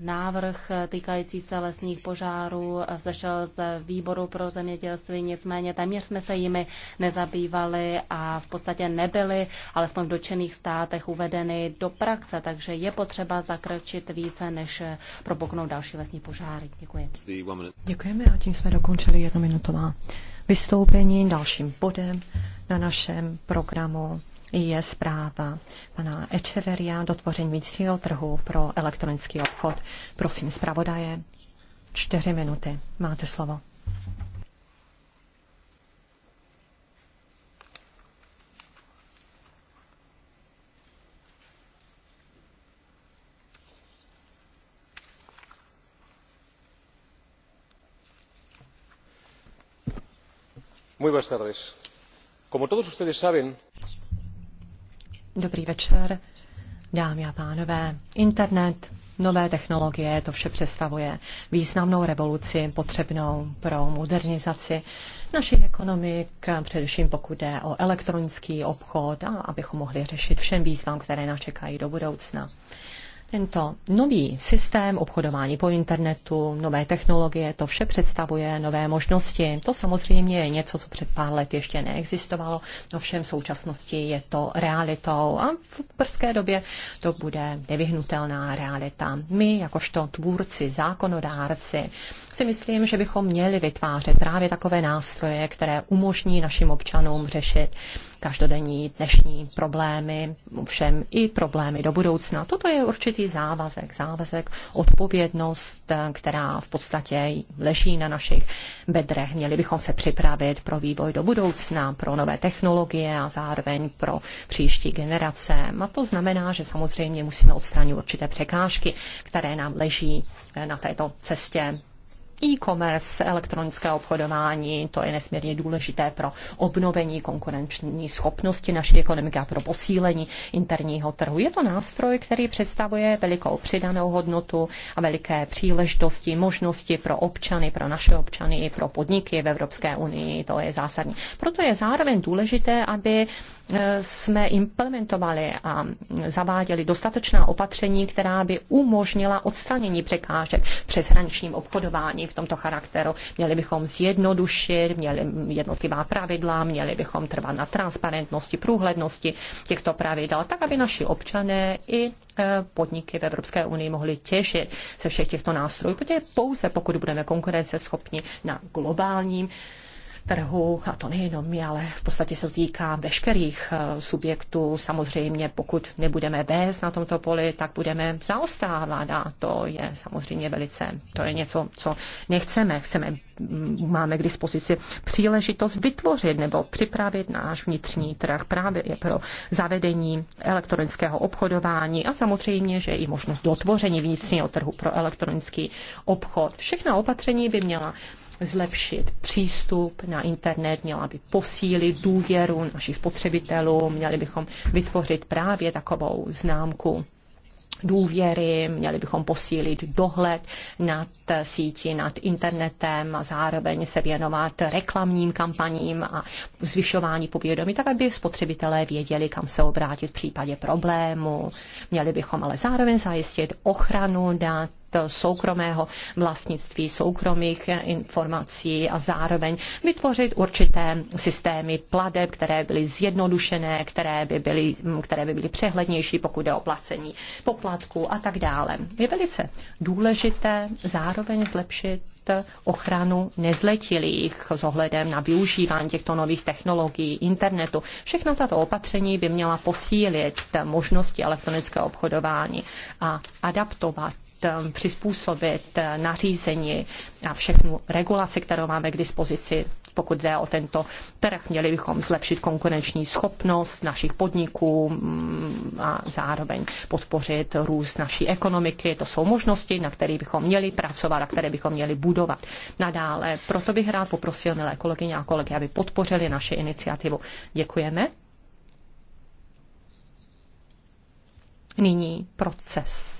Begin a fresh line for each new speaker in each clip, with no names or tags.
návrh týkající se lesních požárů zešel z výboru pro zemědělství, nicméně téměř jsme se jimi nezabývali a v podstatě nebyly, alespoň v dočených státech, uvedeny do praxe, takže je potřeba zakročit více, než propuknou další lesní požáry. Děkuji.
Děkujeme a tím jsme dokončili jednominutová vystoupení dalším bodem na našem programu je zpráva pana Echeveria dotvoření vnitřního trhu pro elektronický obchod. Prosím, zpravodaje, čtyři minuty. Máte slovo.
Muy buenas tardes. Como todos ustedes saben,
Dobrý večer, dámy a pánové. Internet, nové technologie, to vše představuje významnou revoluci potřebnou pro modernizaci našich ekonomik, především pokud jde o elektronický obchod a abychom mohli řešit všem výzvám, které nás čekají do budoucna. Tento nový systém obchodování po internetu, nové technologie, to vše představuje nové možnosti. To samozřejmě je něco, co před pár let ještě neexistovalo, no všem v současnosti je to realitou a v brzké době to bude nevyhnutelná realita. My, jakožto tvůrci, zákonodárci, si myslím, že bychom měli vytvářet právě takové nástroje, které umožní našim občanům řešit každodenní dnešní problémy, všem i problémy do budoucna. Toto je určitý závazek, závazek, odpovědnost, která v podstatě leží na našich bedrech. Měli bychom se připravit pro vývoj do budoucna, pro nové technologie a zároveň pro příští generace. A to znamená, že samozřejmě musíme odstranit určité překážky, které nám leží na této cestě e-commerce, elektronické obchodování, to je nesmírně důležité pro obnovení konkurenční schopnosti naší ekonomiky a pro posílení interního trhu. Je to nástroj, který představuje velikou přidanou hodnotu a veliké příležitosti, možnosti pro občany, pro naše občany i pro podniky v Evropské unii. To je zásadní. Proto je zároveň důležité, aby Eh, jsme implementovali a zaváděli dostatečná opatření, která by umožnila odstranění překážek přeshraničním obchodování v tomto charakteru. Měli bychom zjednodušit, měli jednotlivá pravidla, měli bychom trvat na transparentnosti, průhlednosti těchto pravidel, tak aby naši občané i eh, podniky v Evropské unii mohly těžit ze všech těchto nástrojů, protože pouze pokud budeme konkurenceschopni na globálním trhu, a to nejenom my, ale v podstatě se týká veškerých eh, subjektů. Samozřejmě, pokud nebudeme bez na tomto poli, tak budeme zaostávat a to je samozřejmě velice, to je něco, co nechceme. Chceme, mm, máme k dispozici příležitost vytvořit nebo připravit náš vnitřní trh právě pro zavedení elektronického obchodování a samozřejmě, že i možnost dotvoření vnitřního trhu pro elektronický obchod. Všechna opatření by měla zlepšit přístup na internet, měla by posílit důvěru našich spotřebitelů, měli bychom vytvořit právě takovou známku důvěry, měli bychom posílit dohled nad sítí, nad internetem a zároveň se věnovat reklamním kampaním a zvyšování povědomí, tak aby spotřebitelé věděli, kam se obrátit v případě problému. Měli bychom ale zároveň zajistit ochranu dat soukromého vlastnictví, soukromých informací a zároveň vytvořit určité systémy pladeb, které byly zjednodušené, které by byly, které by byly přehlednější, pokud jde o placení poplatků a tak dále. Je velice důležité zároveň zlepšit ochranu nezletilých s ohledem na využívání těchto nových technologií, internetu. Všechno tato opatření by měla posílit možnosti elektronického obchodování a adaptovat Eh, přizpůsobit eh, nařízení a všechnu regulaci, kterou máme k dispozici, pokud jde o tento trh. Měli bychom zlepšit konkurenční schopnost našich podniků mm, a zároveň podpořit růst naší ekonomiky. To jsou možnosti, na které bychom měli pracovat a které bychom měli budovat nadále. Proto bych rád poprosil, milé kolegyně a kolegy, aby podpořili naše iniciativu. Děkujeme. Nyní proces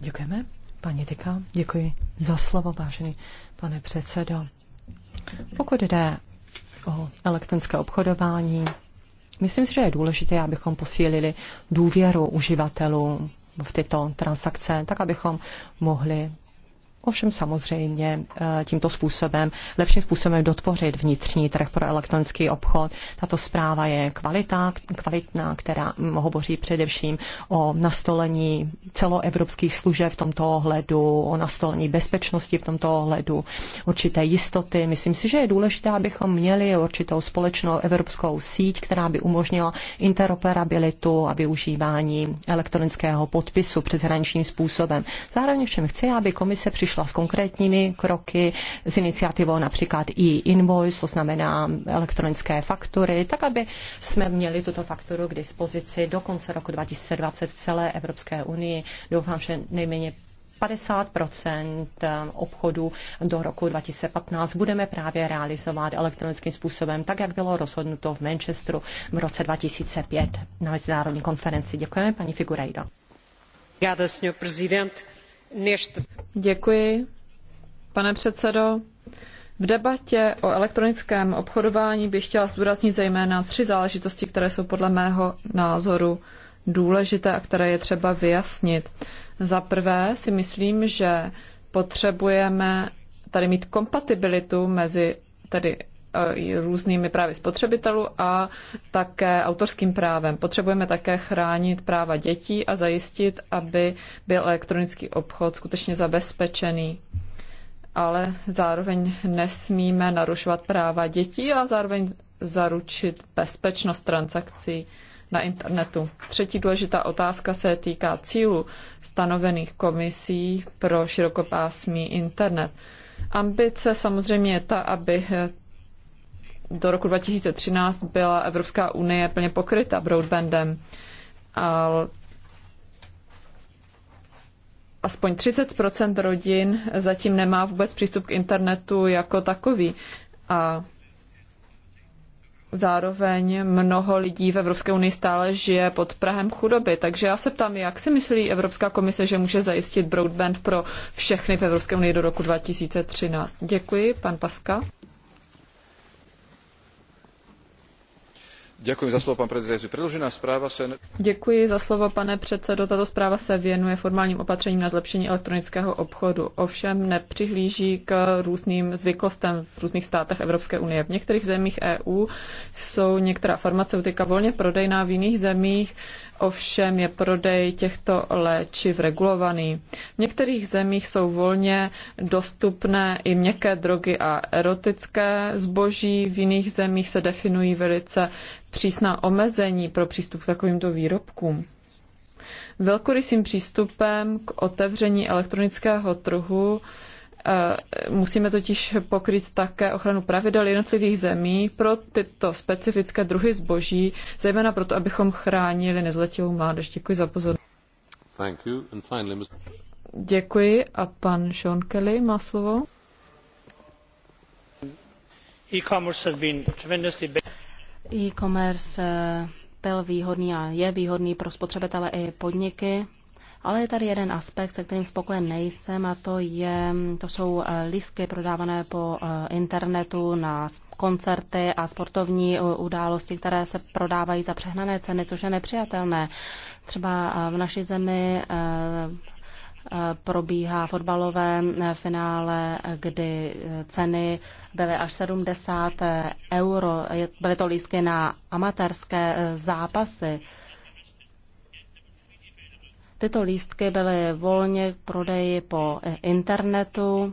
Děkujeme. Paní Dika, děkuji
za slovo, vážený pane předsedo. Pokud jde o elektronické obchodování, myslím si, že je důležité, abychom posílili důvěru uživatelů v tyto transakce, tak abychom mohli Ovšem samozřejmě eh, tímto způsobem, lepším způsobem dotvořit vnitřní trh pro elektronický obchod. Tato zpráva je kvalita, kvalitná, která hovoří především o nastolení celoevropských služeb v tomto ohledu, o nastolení bezpečnosti v tomto ohledu, určité jistoty. Myslím si, že je důležité, abychom měli určitou společnou evropskou síť, která by umožnila interoperabilitu a využívání elektronického podpisu přeshraničním způsobem. Zároveň všem chci, aby komise přišla přišla s konkrétními kroky, s iniciativou například i invoice, to znamená elektronické faktury, tak aby jsme měli tuto fakturu k dispozici do konce roku 2020 v celé Evropské unii. Doufám, že nejméně 50 eh, obchodů do roku 2015 budeme právě realizovat elektronickým způsobem, tak jak bylo rozhodnuto v Manchesteru v roce 2005 na mezinárodní konferenci. Děkujeme, paní
Figurejdo. Obrigada, senhor presidente. Děkuji, pane předsedo. V debatě o elektronickém obchodování bych chtěla zdůraznit zejména tři záležitosti, které jsou podle mého názoru důležité a které je třeba vyjasnit. Za prvé si myslím, že potřebujeme tady mít kompatibilitu mezi tedy Eh, různými právy spotřebitelů a také autorským právem. Potřebujeme také chránit práva dětí a zajistit, aby byl elektronický obchod skutečně zabezpečený ale zároveň nesmíme narušovat práva dětí a zároveň zaručit bezpečnost transakcí na internetu. Třetí důležitá otázka se týká cílů stanovených komisí pro širokopásmý internet. Ambice samozřejmě je ta, aby do roku 2013 byla Evropská unie plně pokryta broadbandem. A aspoň 30 rodin zatím nemá vůbec přístup k internetu jako takový. A zároveň mnoho lidí v Evropské unii stále žije pod Prahem chudoby. Takže já se ptám, jak si myslí Evropská komise, že může zajistit broadband pro všechny v Evropské unii do roku 2013? Děkuji, pan Paska.
Předložená se...
Děkuji za slovo, pane předsedo. Tato zpráva se věnuje formálním opatřením na zlepšení elektronického obchodu. Ovšem nepřihlíží k různým zvyklostem v různých státech Evropské unie. V některých zemích EU jsou některá farmaceutika volně prodejná, v jiných zemích ovšem je prodej těchto léčiv regulovaný. V některých zemích jsou volně dostupné i měkké drogy a erotické zboží, v jiných zemích se definují velice přísná omezení pro přístup k takovýmto výrobkům. Velkorysým přístupem k otevření elektronického trhu Eh, musíme totiž pokryt také ochranu pravidel jednotlivých zemí pro tyto specifické druhy zboží, zejména proto, abychom chránili nezletilou mládež. Děkuji za pozornost. Finally... Děkuji a pan Sean Kelly má slovo.
E-commerce eh, byl výhodný a je výhodný pro spotřebitele i podniky. Ale je tady jeden aspekt, se kterým spokojen nejsem a to, je, to jsou eh, lístky prodávané po eh, internetu na koncerty a sportovní eh, události, které se prodávají za přehnané ceny, což je nepřijatelné. Třeba v naší zemi probíhá fotbalové finále, kdy ceny byly až 70 euro. Byly to lístky na amatérské zápasy. Tyto lístky byly volně k prodeji po internetu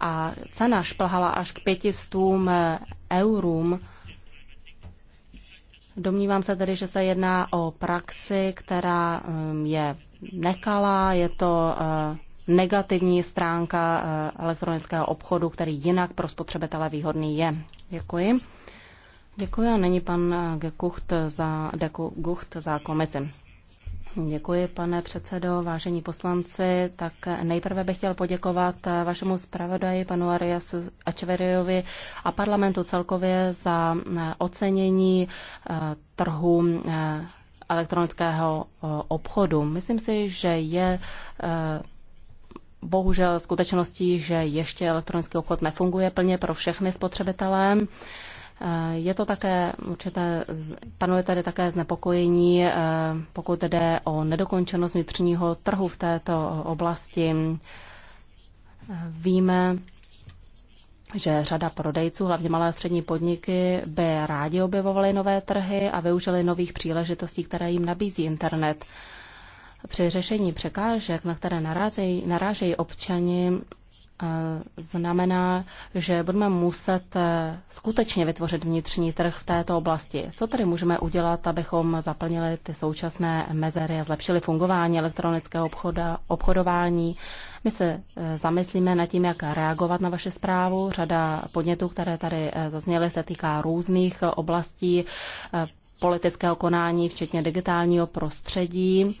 a cena šplhala až k 500 eurům. Domnívám se tedy, že se jedná o praxi, která um, je nekalá, je to uh, negativní stránka uh, elektronického obchodu, který jinak pro spotřebitele výhodný je. Děkuji. Děkuji a není pan uh, Gekucht za, Dekucht za komisi. Děkuji, pane předsedo, vážení poslanci. Tak nejprve bych chtěl poděkovat vašemu zpravodaji, panu Ariasu Ačveriovi a parlamentu celkově za ocenění eh, trhu eh, elektronického eh, obchodu. Myslím si, že je bohužel skutečností, že ještě elektronický obchod nefunguje plně pro všechny spotřebitelé. Eh, je to také určité, panuje tady také znepokojení, eh, pokud jde o nedokončenost vnitřního trhu v této oblasti. Eh, víme, že řada prodejců, hlavně malé a střední podniky, by rádi objevovaly nové trhy a využili nových příležitostí, které jim nabízí internet. Při řešení překážek, na které narážejí občani, znamená, že budeme muset eh, skutečně vytvořit vnitřní trh v této oblasti. Co tedy můžeme udělat, abychom zaplnili ty současné mezery a zlepšili fungování elektronického obchoda, obchodování? My se eh, zamyslíme nad tím, jak reagovat na vaši zprávu. Řada podnětů, které tady eh, zazněly, se týká různých oblastí politického konání, včetně digitálního prostředí.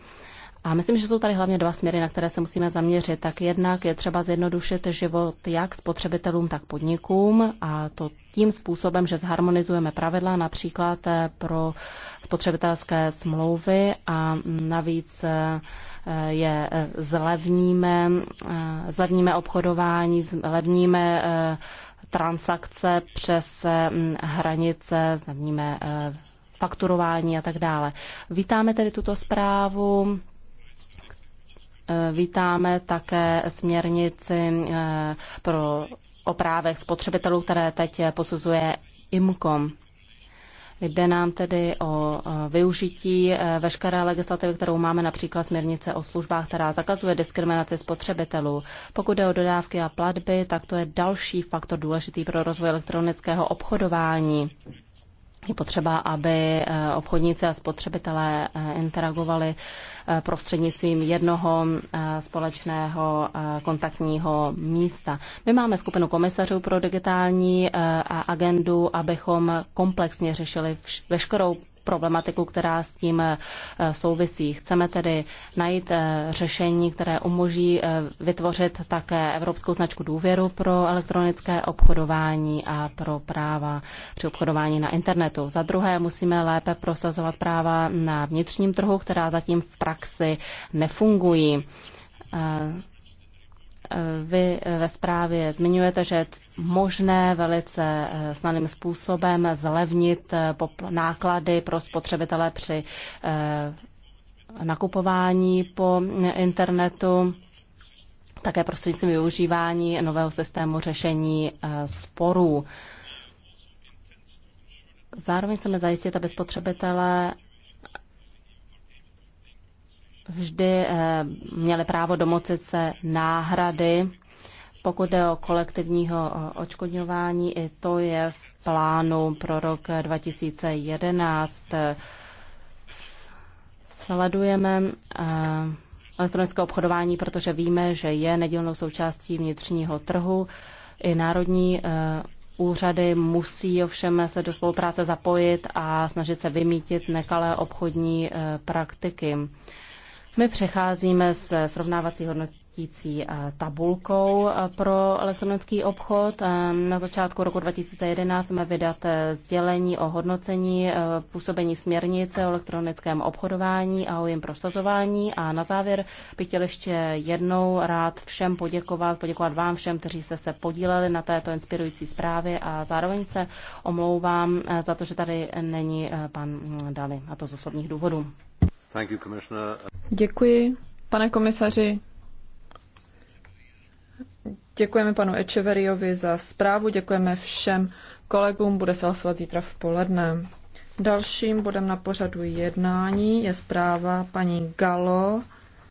A myslím, že jsou tady hlavně dva směry, na které se musíme zaměřit. Tak jednak je třeba zjednodušit život jak spotřebitelům, tak podnikům a to tím způsobem, že zharmonizujeme pravidla například eh, pro spotřebitelské smlouvy a navíc eh, je eh, zlevníme, zlevníme obchodování, zlevníme transakce přes hranice, zlevníme fakturování a tak dále. Vítáme tedy tuto zprávu, Eh, vítáme také směrnici eh, pro o právech spotřebitelů, které teď posuzuje IMCOM. Jde nám tedy o eh, využití veškeré legislativy, kterou máme například směrnice o službách, která zakazuje diskriminaci spotřebitelů. Pokud jde o dodávky a platby, tak to je další faktor důležitý pro rozvoj elektronického obchodování. Je potřeba, aby eh, obchodníci a spotřebitelé eh, interagovali eh, prostřednictvím jednoho společného kontaktního místa. My máme skupinu komisařů pro digitální agendu, abychom komplexně řešili veškerou problematiku, která s tím eh, souvisí. Chceme tedy najít eh, řešení, které umožní eh, vytvořit také evropskou značku důvěru pro elektronické obchodování a pro práva při obchodování na internetu. Za druhé musíme lépe prosazovat práva na vnitřním trhu, která zatím v praxi nefungují. Vy eh, ve zprávě zmiňujete, že je možné velice eh, snadným způsobem zlevnit eh, náklady pro spotřebitele při nakupování po internetu také prostřednictvím využívání nového systému řešení sporů. Zároveň chceme zajistit, aby spotřebitelé vždy eh, měli právo domocit se náhrady. Pokud jde o kolektivního eh, očkodňování, i to je v plánu pro rok 2011. Eh, sledujeme elektronické obchodování, protože víme, že je nedílnou součástí vnitřního trhu. I národní úřady musí ovšem se do spolupráce zapojit a snažit se vymítit nekalé obchodní praktiky. My přecházíme se srovnávací hodnotící eh, tabulkou eh, pro elektronický obchod. Eh, na začátku roku 2011 jsme vydat sdělení o hodnocení působení směrnice o elektronickém obchodování a o jejím prosazování. A na závěr bych chtěl ještě jednou rád všem poděkovat, poděkovat vám všem, kteří jste se podíleli na této inspirující zprávě a zároveň se omlouvám za to, že tady není pan mm, Dali, a to z osobních důvodů.
Děkuji, pane komisaři. Děkujeme panu Echeveriovi za zprávu, děkujeme všem kolegům, bude se hlasovat zítra v poledne. Dalším bodem na pořadu jednání je zpráva paní Galo.